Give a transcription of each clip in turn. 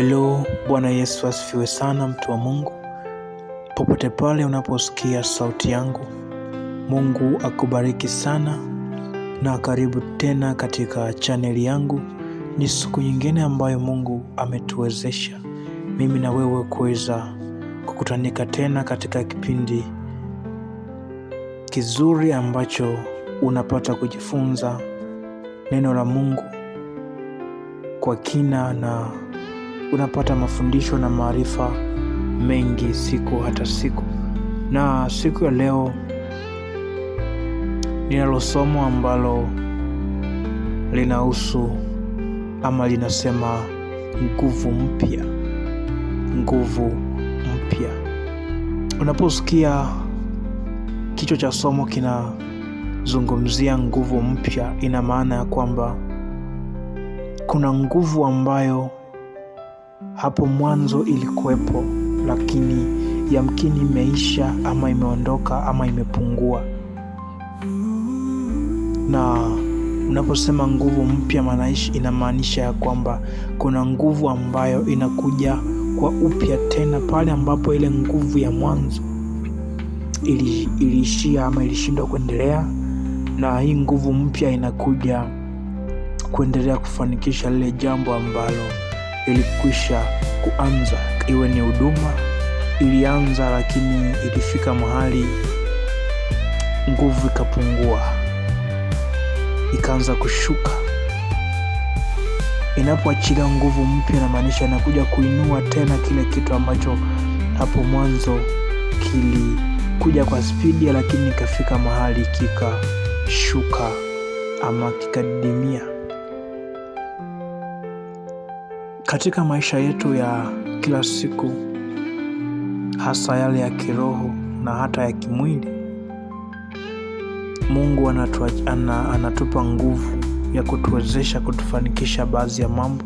helo Bwana Yesu asifiwe sana, mtu wa Mungu. Popote pale unaposikia sauti yangu, Mungu akubariki sana na karibu tena katika chaneli yangu. Ni siku nyingine ambayo Mungu ametuwezesha mimi na wewe kuweza kukutanika tena katika kipindi kizuri ambacho unapata kujifunza neno la Mungu kwa kina na unapata mafundisho na maarifa mengi siku hata siku. Na siku ya leo ninalosomo somo ambalo linahusu ama linasema nguvu mpya. Nguvu mpya. Unaposikia kichwa cha somo kinazungumzia nguvu mpya, ina maana ya kwamba kuna nguvu ambayo hapo mwanzo ilikuwepo, lakini yamkini imeisha ama imeondoka ama imepungua. Na unaposema nguvu mpya, manaishi inamaanisha ya kwamba kuna nguvu ambayo inakuja kwa upya tena pale ambapo ile nguvu ya mwanzo ili, iliishia ama ilishindwa kuendelea, na hii nguvu mpya inakuja kuendelea kufanikisha lile jambo ambalo ilikwisha kuanza, iwe ni huduma ilianza, lakini ilifika mahali nguvu ikapungua, ikaanza kushuka. Inapoachilia nguvu mpya, inamaanisha inakuja kuinua tena kile kitu ambacho hapo mwanzo kilikuja kwa spidi, lakini ikafika mahali kikashuka ama kikadidimia. Katika maisha yetu ya kila siku, hasa yale ya kiroho na hata ya kimwili, Mungu anatuwa, ana, anatupa nguvu ya kutuwezesha kutufanikisha baadhi ya mambo,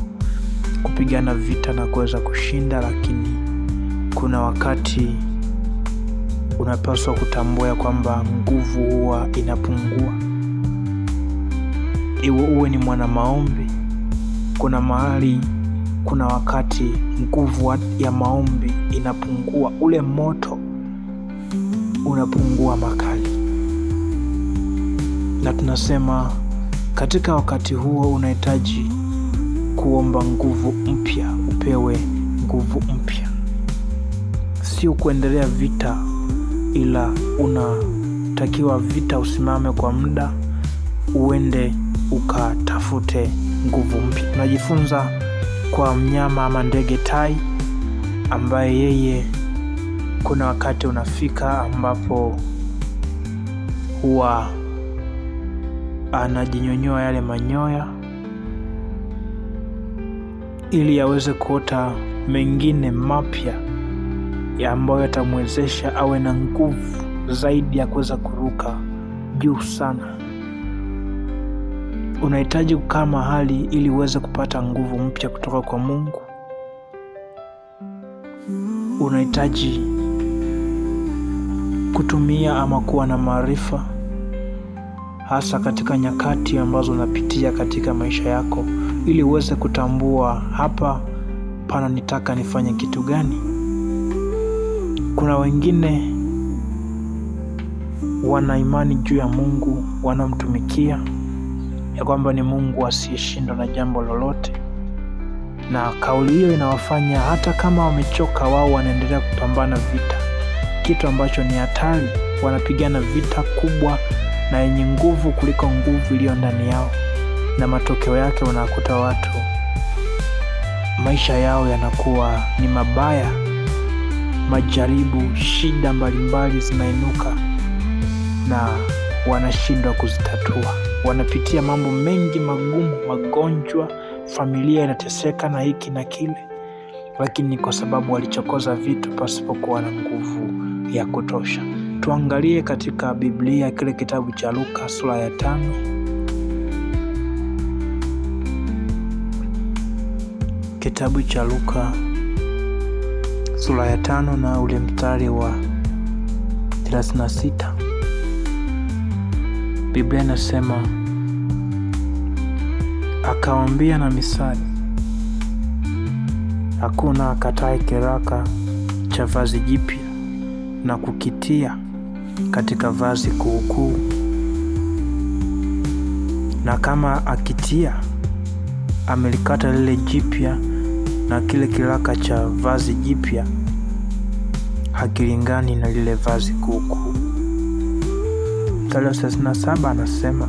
kupigana vita na kuweza kushinda, lakini kuna wakati unapaswa kutambua ya kwamba nguvu huwa inapungua. Iwe uwe ni mwana maombi, kuna mahali kuna wakati nguvu ya maombi inapungua, ule moto unapungua makali, na tunasema katika wakati huo unahitaji kuomba nguvu mpya, upewe nguvu mpya, sio kuendelea vita, ila unatakiwa vita usimame kwa muda, uende ukatafute nguvu mpya. unajifunza kwa mnyama ama ndege tai, ambaye yeye kuna wakati unafika ambapo huwa anajinyonyoa yale manyoya ili aweze kuota mengine mapya ya ambayo yatamwezesha awe na nguvu zaidi ya kuweza kuruka juu sana. Unahitaji kukaa mahali ili uweze kupata nguvu mpya kutoka kwa Mungu. Unahitaji kutumia ama kuwa na maarifa, hasa katika nyakati ambazo unapitia katika maisha yako, ili uweze kutambua hapa pana nitaka nifanye kitu gani. Kuna wengine wana imani juu ya Mungu, wanamtumikia ya kwamba ni Mungu asiyeshindwa na jambo lolote, na kauli hiyo inawafanya hata kama wamechoka, wao wanaendelea kupambana vita, kitu ambacho ni hatari. Wanapigana vita kubwa na yenye nguvu kuliko nguvu iliyo ndani yao, na matokeo yake unakuta watu maisha yao yanakuwa ni mabaya, majaribu, shida mbalimbali zinainuka na wanashindwa kuzitatua, wanapitia mambo mengi magumu, magonjwa, familia inateseka na hiki na kile, lakini kwa sababu walichokoza vitu pasipokuwa na nguvu ya kutosha. Tuangalie katika Biblia kile kitabu cha Luka sura ya tano kitabu cha Luka sura ya tano na ule mstari wa 36. Biblia inasema akawambia na misali, hakuna akatae kiraka cha vazi jipya na kukitia katika vazi kuukuu, na kama akitia amelikata lile jipya, na kile kiraka cha vazi jipya hakilingani na lile vazi kuukuu mstari wa 37 anasema,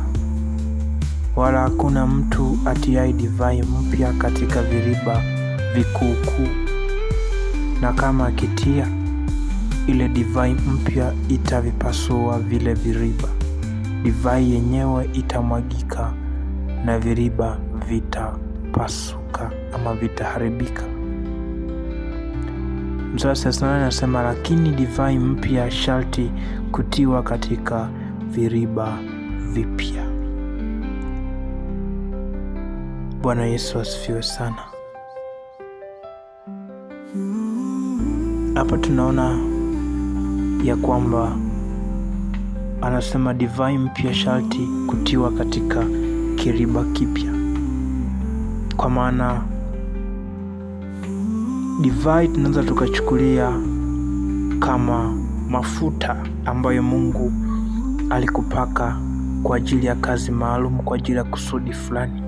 wala hakuna mtu atiai divai mpya katika viriba vikuukuu, na kama akitia, ile divai mpya itavipasua vile viriba, divai yenyewe itamwagika na viriba vitapasuka ama vitaharibika. Mstari wa 38 anasema, lakini divai mpya sharti kutiwa katika viriba vipya. Bwana Yesu asifiwe sana. Hapa tunaona ya kwamba anasema divai mpya sharti kutiwa katika kiriba kipya, kwa maana divai tunaweza tukachukulia kama mafuta ambayo Mungu alikupaka kwa ajili ya kazi maalum, kwa ajili ya kusudi fulani.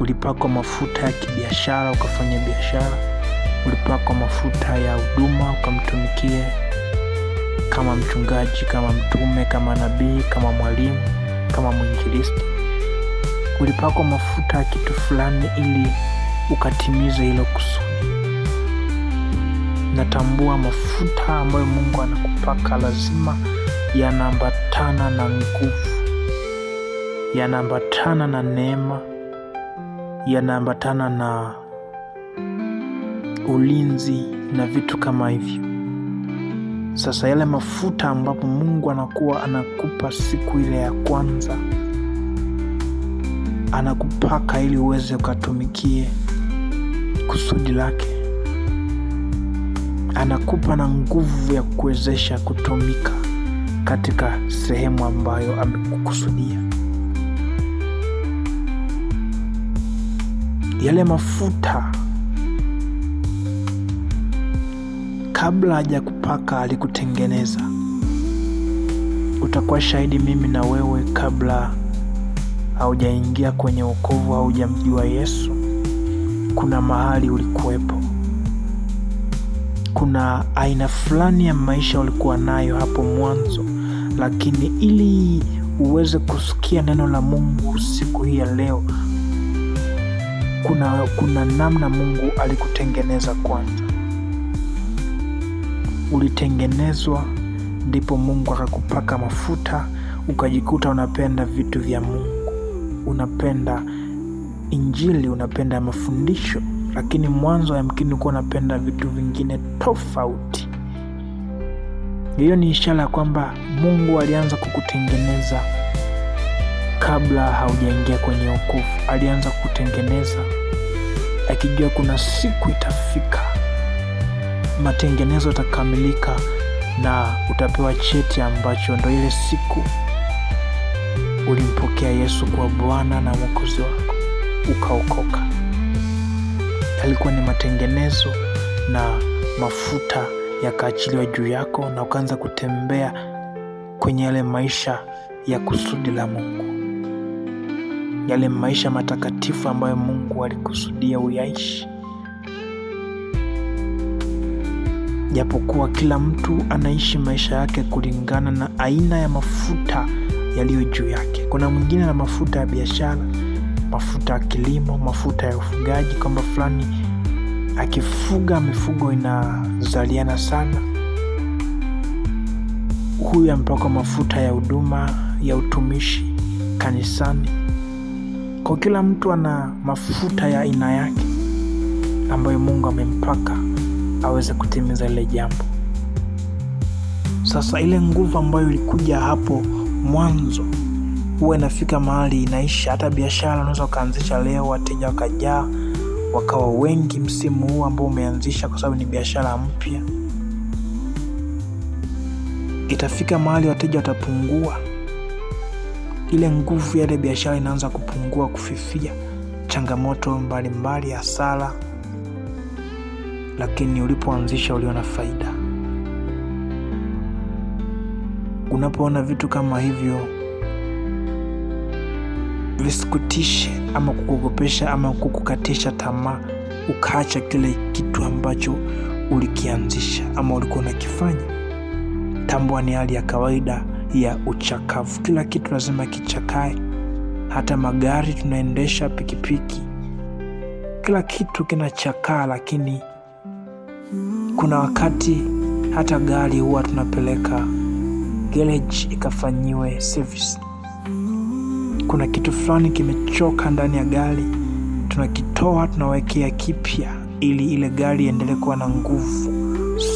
Ulipakwa mafuta ya kibiashara ukafanya biashara, ulipakwa mafuta ya huduma ukamtumikie, kama mchungaji, kama mtume, kama nabii, kama mwalimu, kama mwinjilisti. Ulipakwa mafuta ya kitu fulani ili ukatimize hilo kusudi. Natambua mafuta ambayo Mungu anakupaka lazima yanaambatana na nguvu, yanaambatana na neema, yanaambatana na ulinzi na vitu kama hivyo. Sasa yale mafuta ambapo Mungu anakuwa anakupa siku ile ya kwanza, anakupaka ili uweze ukatumikie kusudi lake, anakupa na nguvu ya kuwezesha kutumika katika sehemu ambayo amekukusudia. Yale mafuta kabla kupaka alikutengeneza. Utakuwa shahidi, mimi na wewe, kabla haujaingia kwenye au haujamjua Yesu, kuna mahali ulikuwepo, kuna aina fulani ya maisha ulikuwa nayo hapo mwanzo lakini ili uweze kusikia neno la Mungu siku hii ya leo, kuna, kuna namna Mungu alikutengeneza kwanza. Ulitengenezwa, ndipo Mungu akakupaka mafuta, ukajikuta unapenda vitu vya Mungu, unapenda Injili, unapenda mafundisho, lakini mwanzo yamkini kuwa unapenda vitu vingine tofauti. Hiyo ni ishara ya kwamba Mungu alianza kukutengeneza kabla haujaingia kwenye wokovu, alianza kukutengeneza akijua kuna siku itafika matengenezo yatakamilika na utapewa cheti ambacho ndo ile siku ulimpokea Yesu kwa Bwana na Mwokozi wako ukaokoka. Yalikuwa ni matengenezo na mafuta yakaachiliwa juu yako na ukaanza kutembea kwenye yale maisha ya kusudi la Mungu, yale maisha matakatifu ambayo Mungu alikusudia uyaishi. Japokuwa kila mtu anaishi maisha yake kulingana na aina ya mafuta yaliyo juu yake. Kuna mwingine na mafuta ya biashara, mafuta ya kilimo, mafuta ya ufugaji, kwamba fulani akifuga mifugo inazaliana sana. Huyu amepakwa mafuta ya huduma ya utumishi kanisani. Kwa kila mtu ana mafuta ya aina yake ambayo Mungu amempaka aweze kutimiza ile jambo. Sasa ile nguvu ambayo ilikuja hapo mwanzo huwa inafika mahali inaisha. Hata biashara unaweza ukaanzisha leo, wateja wakajaa wakawa wengi msimu huu ambao umeanzisha, kwa sababu ni biashara mpya. Itafika mahali wateja watapungua, ile nguvu ya ile biashara inaanza kupungua, kufifia, changamoto mbalimbali, hasara, lakini ulipoanzisha uliona faida. Unapoona vitu kama hivyo visikutishe ama kukuogopesha ama kukukatisha tamaa, ukaacha kile kitu ambacho ulikianzisha ama ulikuwa unakifanya. Tambua ni hali ya kawaida ya uchakavu. Kila kitu lazima kichakae, hata magari tunaendesha, pikipiki, kila kitu kinachakaa, lakini kuna wakati hata gari huwa tunapeleka gereji ikafanyiwe service kuna kitu fulani kimechoka ndani ya gari, tunakitoa tunawekea kipya, ili ile gari iendelee kuwa na nguvu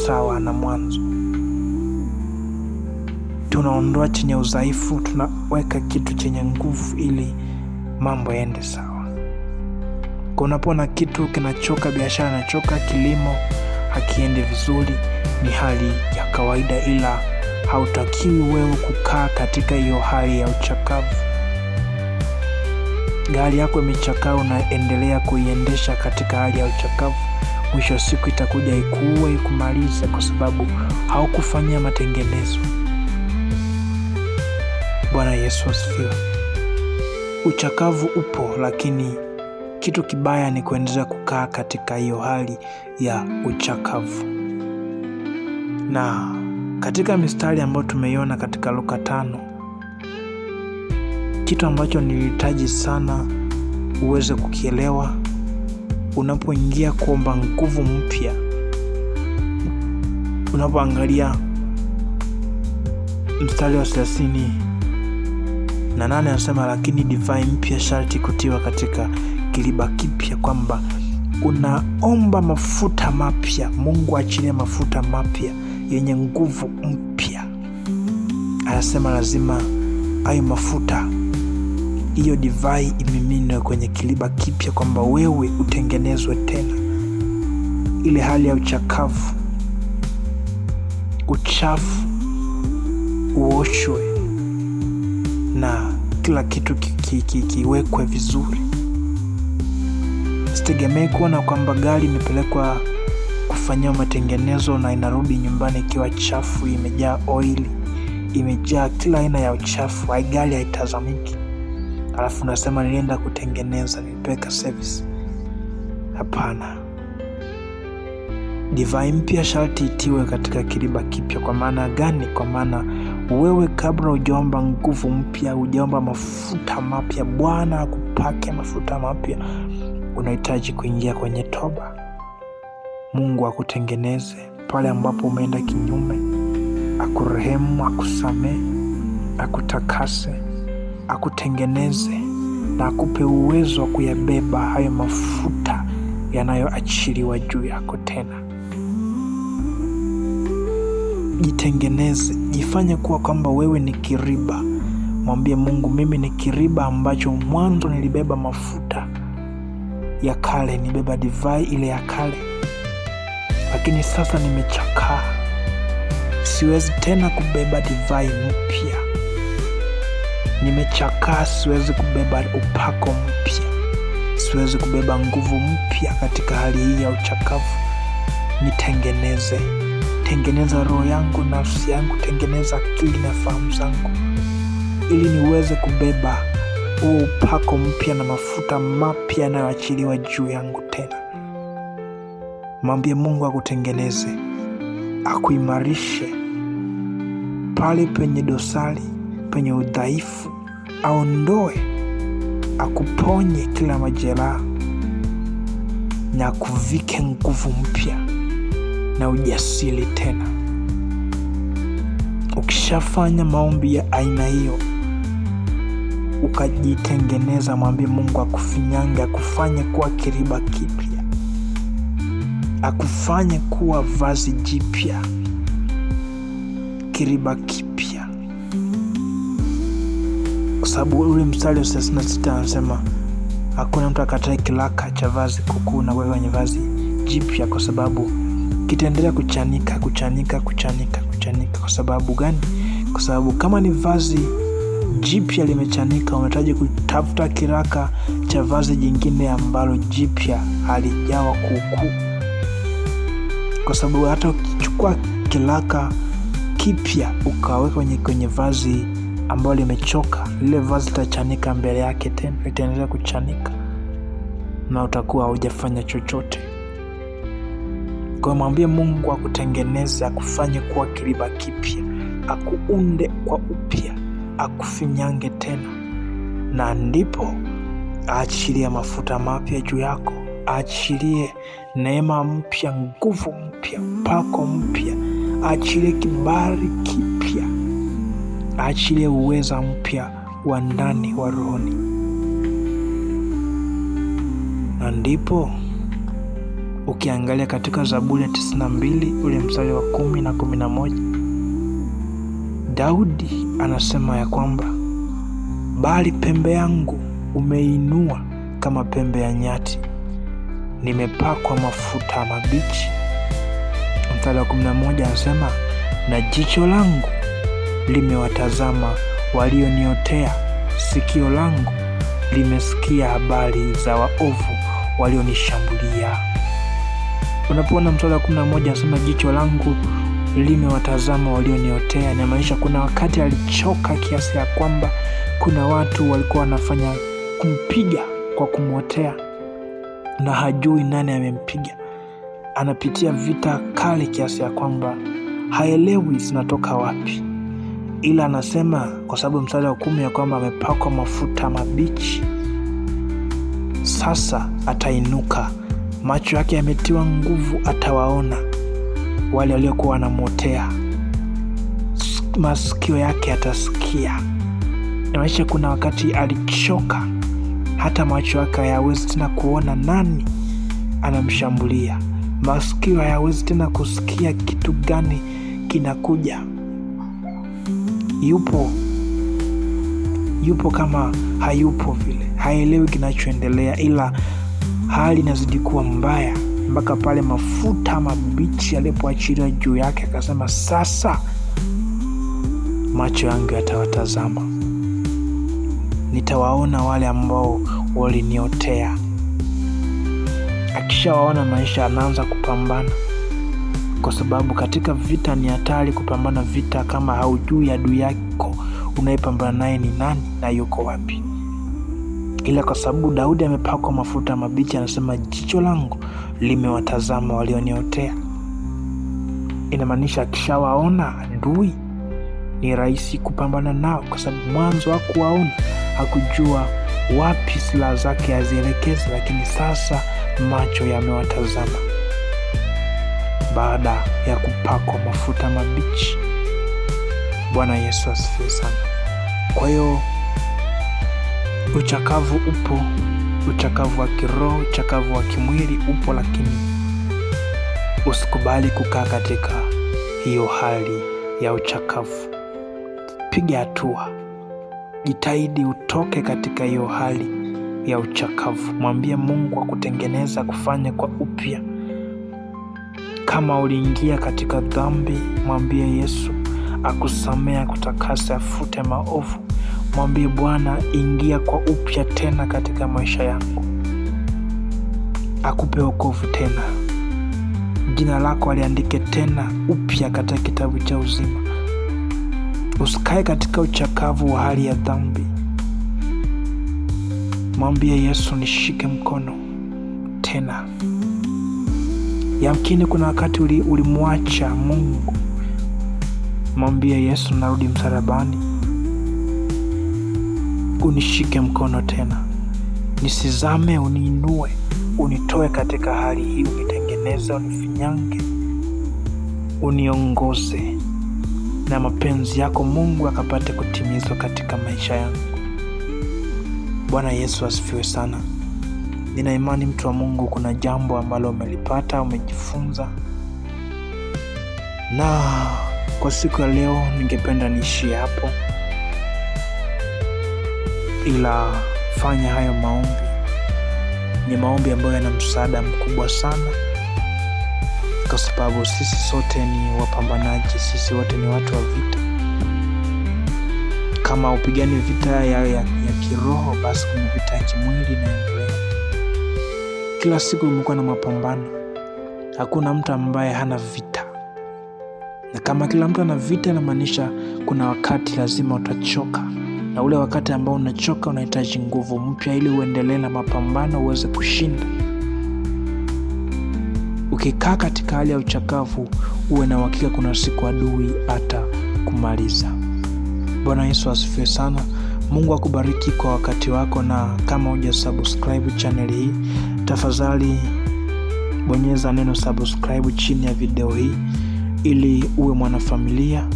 sawa na mwanzo. Tunaondoa chenye udhaifu, tunaweka kitu chenye nguvu, ili mambo yaende sawa. Unapoona kitu kinachoka, biashara inachoka, kilimo hakiendi vizuri, ni hali ya kawaida, ila hautakiwi wewe kukaa katika hiyo hali ya uchakavu gari yako imechakaa, unaendelea kuiendesha katika hali ya uchakavu, mwisho siku itakuja ikuue, ikumalize kwa sababu haukufanyia matengenezo. Bwana Yesu asifiwe. Uchakavu upo, lakini kitu kibaya ni kuendelea kukaa katika hiyo hali ya uchakavu. Na katika mistari ambayo tumeiona katika Luka tano kitu ambacho nilihitaji sana uweze kukielewa unapoingia kuomba nguvu mpya, unapoangalia mstari wa 38 na nane anasema, lakini divai mpya sharti kutiwa katika kiliba kipya, kwamba unaomba mafuta mapya. Mungu achilia mafuta mapya yenye nguvu mpya. Anasema lazima ayo mafuta hiyo divai imiminwe kwenye kiliba kipya, kwamba wewe utengenezwe tena. Ile hali ya uchakavu, uchafu uoshwe na kila kitu kikiwekwe ki, ki, ki, vizuri. Sitegemei kuona kwamba gari imepelekwa kufanyiwa matengenezo na inarudi nyumbani ikiwa chafu, imejaa oili, imejaa kila aina ya uchafu. Ai, gari haitazamiki alafu unasema nilienda kutengeneza, nipeka service. Hapana, divai mpya sharti itiwe katika kiriba kipya. Kwa maana gani? Kwa maana wewe kabla hujaomba nguvu mpya, hujaomba mafuta mapya, Bwana akupake mafuta mapya, unahitaji kuingia kwenye toba, Mungu akutengeneze pale ambapo umeenda kinyume, akurehemu, akusamee, akutakase akutengeneze na akupe uwezo wa kuyabeba hayo mafuta yanayoachiliwa juu yako. Tena jitengeneze, jifanye kuwa kwamba wewe ni kiriba. Mwambie Mungu, mimi ni kiriba ambacho mwanzo nilibeba mafuta ya kale, nibeba divai ile ya kale, lakini sasa nimechakaa, siwezi tena kubeba divai mpya nimechakaa, siwezi kubeba upako mpya, siwezi kubeba nguvu mpya katika hali hii ya uchakavu. Nitengeneze, tengeneza roho yangu, nafsi yangu, tengeneza akili na fahamu zangu, ili niweze kubeba huu upako mpya na mafuta mapya yanayoachiliwa juu yangu tena. Mwambie Mungu akutengeneze, akuimarishe pale penye dosari penye udhaifu, aondoe, akuponye kila majeraha na akuvike nguvu mpya na ujasiri tena. Ukishafanya maombi ya aina hiyo, ukajitengeneza, mwambie Mungu akufinyange akufanye kuwa kiriba kipya, akufanye kuwa vazi jipya, kiriba kipya sababu ule mstari wa 36 anasema hakuna mtu akatae kilaka cha vazi kukuu na wewe wenye vazi jipya, kwa sababu kitaendelea kuchanika kuchanika kuchanika kuchanika. Kwa sababu gani? Kwa sababu kama ni vazi jipya limechanika, unahitaji kutafuta kiraka cha vazi jingine ambalo jipya halijawa kuku kwa sababu hata ukichukua kiraka kipya ukaweka kwenye, kwenye vazi ambalo limechoka, lile vazi litachanika mbele yake tena, litaendelea kuchanika na utakuwa haujafanya chochote. Kwa mwambie Mungu akutengeneze, akufanye kuwa kiriba kipya, akuunde kwa upya, akufinyange tena, na ndipo aachilie mafuta mapya juu yako, aachilie neema mpya, nguvu mpya, pako mpya, aachilie kibariki aachilie uweza mpya wa ndani wa rohoni, na ndipo ukiangalia katika Zaburi ya 92 ule mstari wa kumi na kumi na moja Daudi anasema ya kwamba bali pembe yangu umeinua kama pembe ya nyati, nimepakwa mafuta mabichi. Mstari wa 11 anasema na jicho langu limewatazama walioniotea, sikio langu limesikia habari za waovu walionishambulia. Unapoona mstari wa kumi na moja anasema jicho langu limewatazama walioniotea, inamaanisha kuna wakati alichoka kiasi ya kwamba kuna watu walikuwa wanafanya kumpiga kwa kumwotea na hajui nani amempiga. Anapitia vita kali kiasi ya kwamba haelewi zinatoka wapi ila anasema kwa sababu mstari wa kumi ya kwamba amepakwa mafuta mabichi, sasa atainuka, macho yake yametiwa nguvu, atawaona wale waliokuwa wanamwotea, masikio yake atasikia. Inaonyesha kuna wakati alichoka, hata macho yake hayawezi tena kuona nani anamshambulia, masikio hayawezi tena kusikia kitu gani kinakuja yupo yupo kama hayupo vile, haelewi kinachoendelea, ila hali inazidi kuwa mbaya mpaka pale mafuta mabichi alipoachiliwa juu yake, akasema sasa macho yangu yatawatazama, nitawaona wale ambao waliniotea. Akishawaona maisha, anaanza kupambana kwa sababu katika vita ni hatari kupambana vita kama haujui adui yako unayepambana naye ni nani na yuko wapi. Ila kwa sababu Daudi amepakwa mafuta mabichi, anasema jicho langu limewatazama walioniotea. Inamaanisha akishawaona adui ni rahisi kupambana nao, kwa sababu mwanzo hakuwaona, hakujua wapi silaha zake hazielekezi lakini sasa macho yamewatazama baada ya kupakwa mafuta mabichi. Bwana Yesu asifiwe sana. Kwa hiyo uchakavu upo, uchakavu wa kiroho, uchakavu wa kimwili upo, lakini usikubali kukaa katika hiyo hali ya uchakavu. Piga hatua, jitahidi utoke katika hiyo hali ya uchakavu. Mwambie Mungu akutengeneza, kufanya kwa upya. Kama uliingia katika dhambi, mwambie Yesu akusamea, kutakasa, afute maovu. Mwambie Bwana, ingia kwa upya tena katika maisha yangu, akupe wokovu tena, jina lako aliandike tena upya katika kitabu cha uzima. Usikae katika uchakavu wa hali ya dhambi. Mwambie Yesu, nishike mkono tena. Yamkini kuna wakati ulimwacha uli Mungu, mwambie Yesu, narudi msalabani, unishike mkono tena, nisizame, uniinue, unitoe katika hali hii, unitengeneze, unifinyange, uniongoze na mapenzi yako Mungu akapate kutimizwa katika maisha yangu. Bwana Yesu asifiwe sana. Nina imani mtu wa Mungu, kuna jambo ambalo umelipata, umejifunza, na kwa siku ya leo ningependa niishie hapo, ila fanya hayo maombi. Ni maombi ambayo yana msaada mkubwa sana, kwa sababu sisi sote ni wapambanaji, sisi wote ni watu wa vita. Kama upigani vita yao ya, ya kiroho, basi kuna vita ya kimwili na kila siku umekuwa na mapambano, hakuna mtu ambaye hana vita, na kama kila mtu ana vita, inamaanisha kuna wakati lazima utachoka, na ule wakati ambao unachoka unahitaji nguvu mpya ili uendelee na mapambano, uweze kushinda. Ukikaa katika hali ya uchakavu, uwe na uhakika kuna siku adui hata kumaliza. Bwana Yesu asifiwe sana. Mungu akubariki kwa wakati wako, na kama hujasubscribe chaneli hii tafadhali bonyeza neno subscribe chini ya video hii ili uwe mwanafamilia.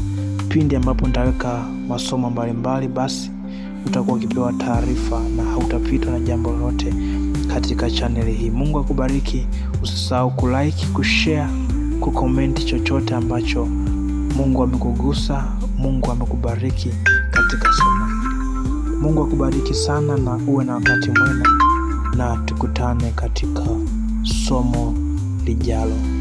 Pindi ambapo nitaweka masomo mbalimbali, basi utakuwa ukipewa taarifa na hautapitwa na jambo lolote katika chaneli hii. Mungu akubariki. Usisahau kulike, kushare, kukomenti chochote ambacho Mungu amekugusa, Mungu amekubariki katika somo. Mungu akubariki sana na uwe na wakati mwema na tukutane katika somo lijalo.